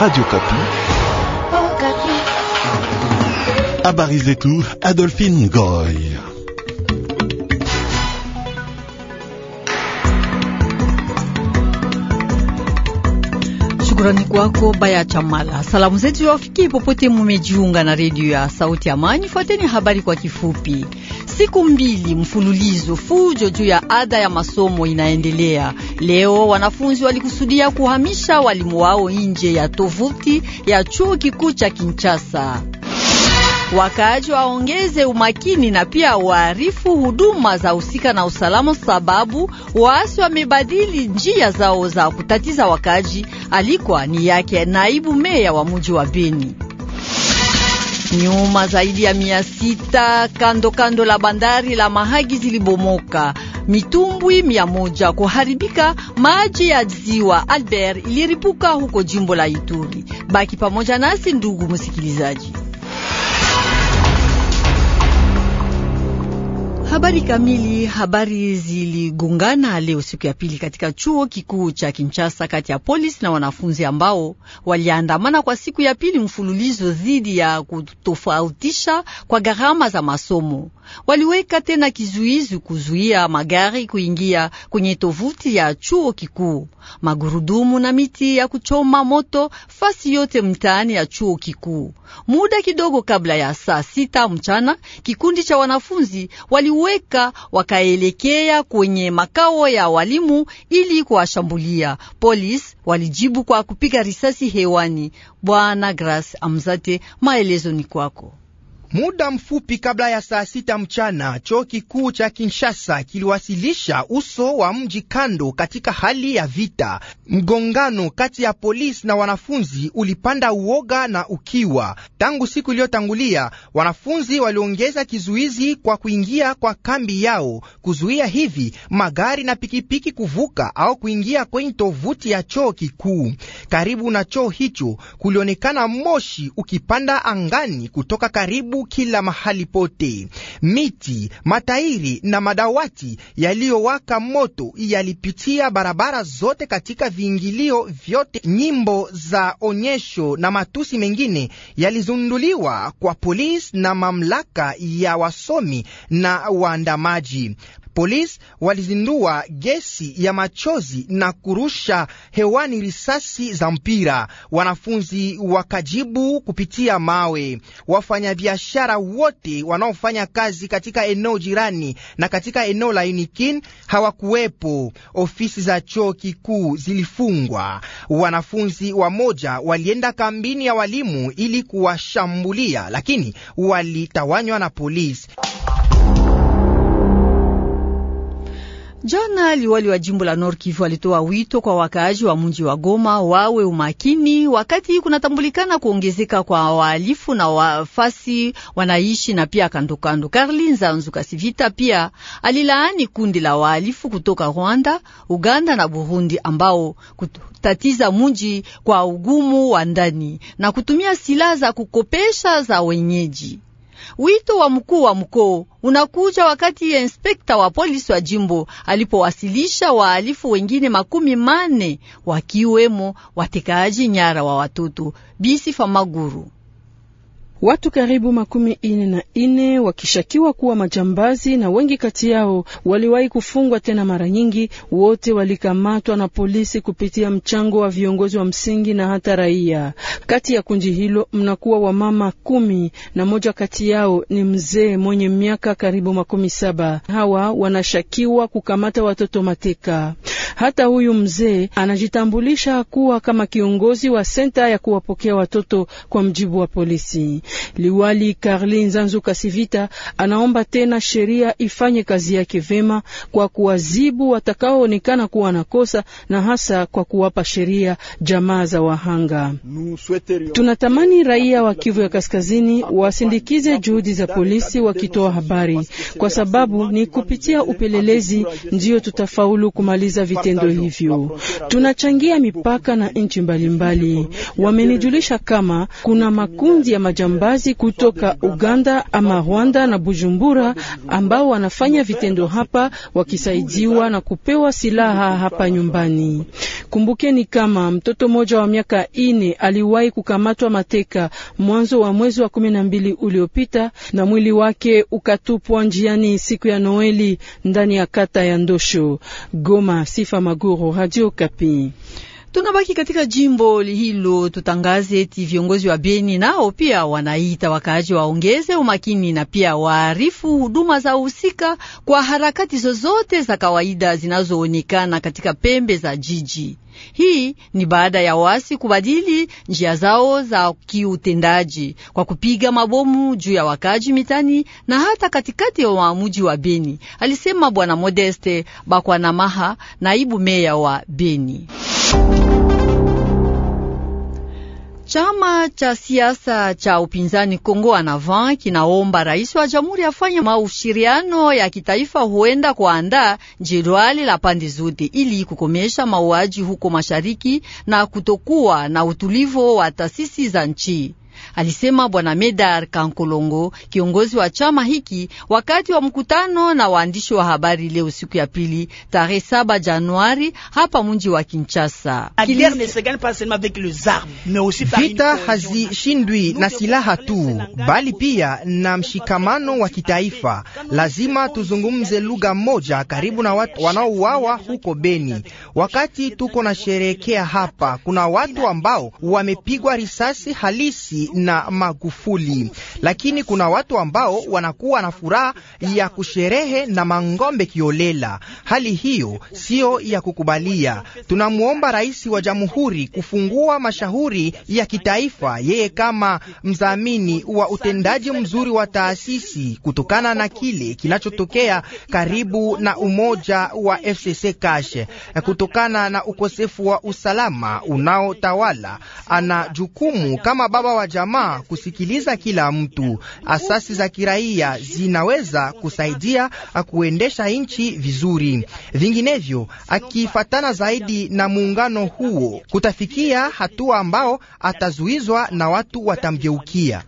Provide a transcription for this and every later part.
Radio Kapi. Habari zetu Adolphine goy Shukrani kwako Baya Chamala. Salamu zetu ziwafikie popote mumejiunga na redio ya Sauti ya Amani. Fuateni habari kwa kifupi. Siku mbili mfululizo fujo juu ya ada ya masomo inaendelea. Leo wanafunzi walikusudia kuhamisha walimu wao nje ya tovuti ya chuo kikuu cha Kinshasa. Wakaaji waongeze umakini na pia waarifu huduma za husika na usalama, sababu waasi wamebadili njia zao za kutatiza wakaaji. alikwa ni yake naibu meya wa muji wa Beni nyuma zaidi ya mia sita kando kando la bandari la Mahagi zilibomoka, mitumbwi mia moja kuharibika, maji ya ziwa Albert iliripuka huko jimbo la Ituri. Baki pamoja nasi ndugu msikilizaji. Habari kamili. Habari ziligungana leo siku ya pili katika chuo kikuu cha Kinshasa kati ya polisi na wanafunzi ambao waliandamana kwa siku ya pili mfululizo dhidi ya kutofautisha kwa gharama za masomo. Waliweka tena kizuizi kuzuia magari kuingia kwenye tovuti ya chuo kikuu, magurudumu na miti ya kuchoma moto fasi yote mtaani ya chuo kikuu. Muda kidogo kabla ya saa sita mchana, kikundi cha wanafunzi wali kuweka wakaelekea kwenye makao ya walimu ili kuwashambulia. Polisi walijibu kwa kupiga risasi hewani. Bwana Grace Amzate, maelezo ni kwako. Muda mfupi kabla ya saa sita mchana chuo kikuu cha Kinshasa kiliwasilisha uso wa mji kando katika hali ya vita. Mgongano kati ya polisi na wanafunzi ulipanda uoga na ukiwa. Tangu siku iliyotangulia, wanafunzi waliongeza kizuizi kwa kuingia kwa kambi yao, kuzuia hivi magari na pikipiki kuvuka au kuingia kwenye tovuti ya chuo kikuu. Karibu na chuo hicho kulionekana moshi ukipanda angani kutoka karibu karibu kila mahali pote. Miti, matairi na madawati yaliyowaka moto yalipitia barabara zote katika viingilio vyote. Nyimbo za onyesho na matusi mengine yalizunduliwa kwa polisi na mamlaka ya wasomi na waandamaji polisi walizindua gesi ya machozi na kurusha hewani risasi za mpira. Wanafunzi wakajibu kupitia mawe. Wafanyabiashara wote wanaofanya kazi katika eneo jirani na katika eneo la Unikin hawakuwepo. Ofisi za chuo kikuu zilifungwa. Wanafunzi wamoja walienda kambini ya walimu ili kuwashambulia, lakini walitawanywa na polisi. Jana liwali wa jimbo la Nord Kivu alitoa wito kwa wakaaji wa mji wa Goma wawe umakini wakati kunatambulikana kuongezeka kwa wahalifu na wafasi wanaishi na pia kandokando. karlin Nzanzu Kasivita pia alilaani kundi la wahalifu kutoka Rwanda, Uganda na Burundi ambao kutatiza mji kwa ugumu wa ndani na kutumia silaha za kukopesha za wenyeji. Wito wa mkuu wa mkoo unakuja wakati ya inspekta wa polisi wa jimbo alipowasilisha wahalifu wengine makumi mane wakiwemo watekaaji nyara wa watoto. Bisi Famaguru Watu karibu makumi ine na ine wakishakiwa kuwa majambazi na wengi kati yao waliwahi kufungwa tena mara nyingi. Wote walikamatwa na polisi kupitia mchango wa viongozi wa msingi na hata raia. Kati ya kundi hilo mnakuwa wamama kumi na moja, kati yao ni mzee mwenye miaka karibu makumi saba. Hawa wanashakiwa kukamata watoto mateka. Hata huyu mzee anajitambulisha kuwa kama kiongozi wa senta ya kuwapokea watoto, kwa mjibu wa polisi. Liwali Karli Nzanzu Kasivita anaomba tena sheria ifanye kazi yake vema kwa kuwazibu watakaoonekana kuwa na kosa na hasa kwa kuwapa sheria jamaa za wahanga. Tunatamani raia wa Kivu ya Kaskazini wasindikize juhudi za polisi wakitoa habari, kwa sababu ni kupitia upelelezi ndiyo tutafaulu kumaliza vite vitendo hivyo. Tunachangia mipaka na nchi mbalimbali. Wamenijulisha kama kuna makundi ya majambazi kutoka Uganda ama Rwanda na Bujumbura ambao wanafanya vitendo hapa wakisaidiwa na kupewa silaha hapa nyumbani. Kumbukeni kama mtoto mmoja wa miaka ine aliwahi kukamatwa mateka mwanzo wa mwezi wa kumi na mbili uliopita na mwili wake ukatupwa njiani siku ya Noeli ndani ya kata ya Ndosho Goma. Sifa Maguru, Radio Kapi. Tunabaki katika jimbo hilo, tutangaze eti viongozi wa Beni nao pia wanaita wakaaji waongeze umakini na pia waarifu huduma za husika kwa harakati zozote za kawaida zinazoonekana katika pembe za jiji. Hii ni baada ya wasi kubadili njia zao za kiutendaji kwa kupiga mabomu juu ya wakaaji mitani na hata katikati ya waamuji wa Beni, alisema Bwana Modeste Bakwanamaha, naibu meya wa Beni. Chama cha siasa cha upinzani Kongo Anavant kinaomba rais wa jamhuri afanye maushiriano ya kitaifa, huenda kuandaa jedwali la pande zote ili kukomesha mauaji huko mashariki na kutokuwa na utulivu wa taasisi za nchi alisema Bwana Medar Kankolongo, kiongozi wa chama hiki, wakati wa mkutano na waandishi wa habari leo siku ya pili tarehe 7 Januari hapa mji wa Kinshasa. Vita hazishindwi na silaha tu, bali pia na mshikamano wa kitaifa. Lazima tuzungumze lugha moja karibu na watu wanaouawa huko Beni. Wakati tuko na sherehekea hapa, kuna watu ambao wamepigwa risasi halisi na Magufuli, lakini kuna watu ambao wanakuwa na furaha ya kusherehe na mangombe kiolela. Hali hiyo siyo ya kukubalia. Tunamwomba rais wa jamhuri kufungua mashauri ya kitaifa, yeye kama mdhamini wa utendaji mzuri wa taasisi, kutokana na kile kinachotokea karibu na umoja wa FCC Kashe kutokana na ukosefu wa usalama unaotawala. Ana jukumu kama baba wa jamaa kusikiliza kila mtu. Asasi za kiraia zinaweza kusaidia kuendesha nchi vizuri, vinginevyo akifatana zaidi na muungano huo kutafikia hatua ambao atazuizwa na watu watamgeukia.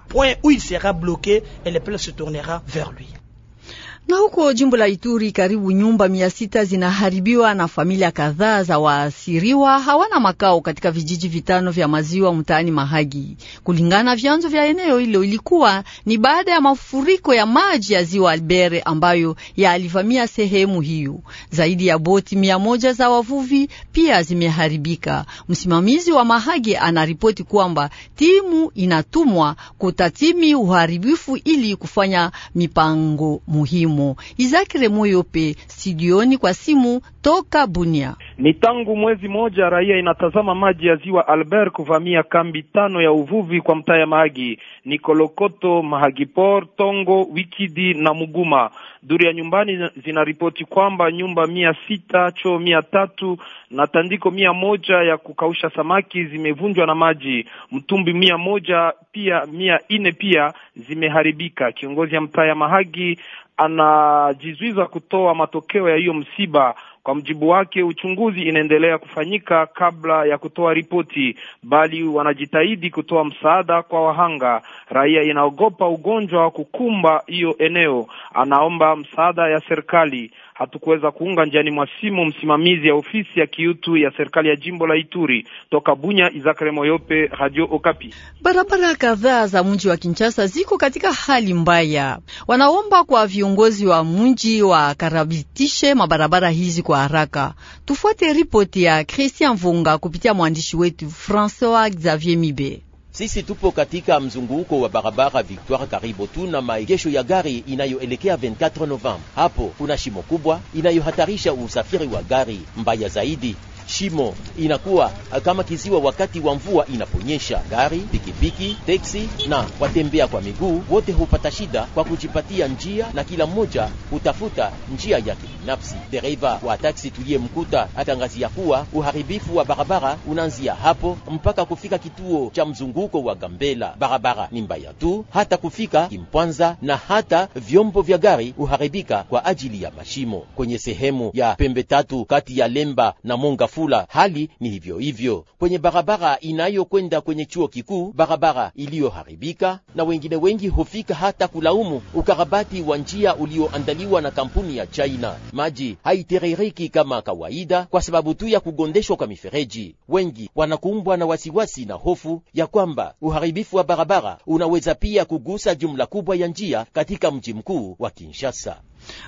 Na huko jimbo la Ituri, karibu nyumba mia sita zinaharibiwa na familia kadhaa za waasiriwa hawana makao katika vijiji vitano vya maziwa mtaani Mahagi. Kulingana vyanzo vya eneo hilo, ilikuwa ni baada ya mafuriko ya maji ya ziwa Albere ambayo yalivamia sehemu hiyo. Zaidi ya boti mia moja za wavuvi pia zimeharibika. Msimamizi wa Mahagi anaripoti kwamba timu inatumwa kutathmini uharibifu ili kufanya mipango muhimu humo. Izakire Moyo pe studioni kwa simu toka Bunia. Ni tangu mwezi moja raia inatazama maji ya ziwa Albert kuvamia kambi tano ya uvuvi kwa mtaa ya Mahagi ni Kolokoto, Mahagipor, Tongo, Wikidi na Muguma. Duru ya nyumbani zinaripoti kwamba nyumba mia sita, choo mia tatu na tandiko mia moja ya kukausha samaki zimevunjwa na maji. Mtumbi mia moja pia mia nne pia zimeharibika. Kiongozi ya mtaa ya Mahagi anajizuiza kutoa matokeo ya hiyo msiba. Kwa mjibu wake, uchunguzi inaendelea kufanyika kabla ya kutoa ripoti, bali wanajitahidi kutoa msaada kwa wahanga. Raia inaogopa ugonjwa wa kukumba hiyo eneo, anaomba msaada ya serikali hatukuweza kuunga njiani mwa simu msimamizi ya ofisi ya kiutu ya serikali ya jimbo la Ituri. Toka Bunya, Izakare Moyope, Radio Okapi. Barabara kadhaa za mji wa Kinshasa ziko katika hali mbaya, wanaomba kwa viongozi wa mji karabitishe mabarabara hizi kwa haraka. Tufuate ripoti ya Christian Vunga kupitia mwandishi wetu Francois Xavier Mibe. Sisi tupo katika mzunguko wa barabara Victoire Karibo, na maegesho ya gari inayoelekea 24 Novemba. Hapo kuna shimo kubwa inayohatarisha usafiri wa gari. Mbaya zaidi shimo inakuwa kama kiziwa wakati wa mvua inaponyesha. Gari, pikipiki, teksi na watembea kwa miguu wote hupata shida kwa kujipatia njia, na kila mmoja hutafuta njia yake binafsi. Dereva wa taksi tuliyemkuta atangazia kuwa uharibifu wa barabara unaanzia hapo mpaka kufika kituo cha mzunguko wa Gambela. Barabara ni mbaya tu hata kufika Kimpwanza, na hata vyombo vya gari huharibika kwa ajili ya mashimo kwenye sehemu ya pembe tatu kati ya Lemba na Mongafu chakula. Hali ni hivyo hivyo kwenye barabara inayokwenda kwenye chuo kikuu, barabara iliyoharibika, na wengine wengi hufika hata kulaumu ukarabati wa njia ulioandaliwa na kampuni ya China. Maji haitiririki kama kawaida kwa sababu tu ya kugondeshwa kwa mifereji. Wengi wanakumbwa na wasiwasi na hofu ya kwamba uharibifu wa barabara unaweza pia kugusa jumla kubwa ya njia katika mji mkuu wa Kinshasa.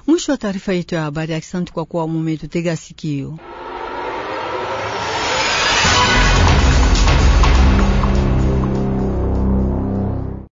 Mwisho wa taarifa yetu ya habari. Asante kwa kuwa mumetutega sikio.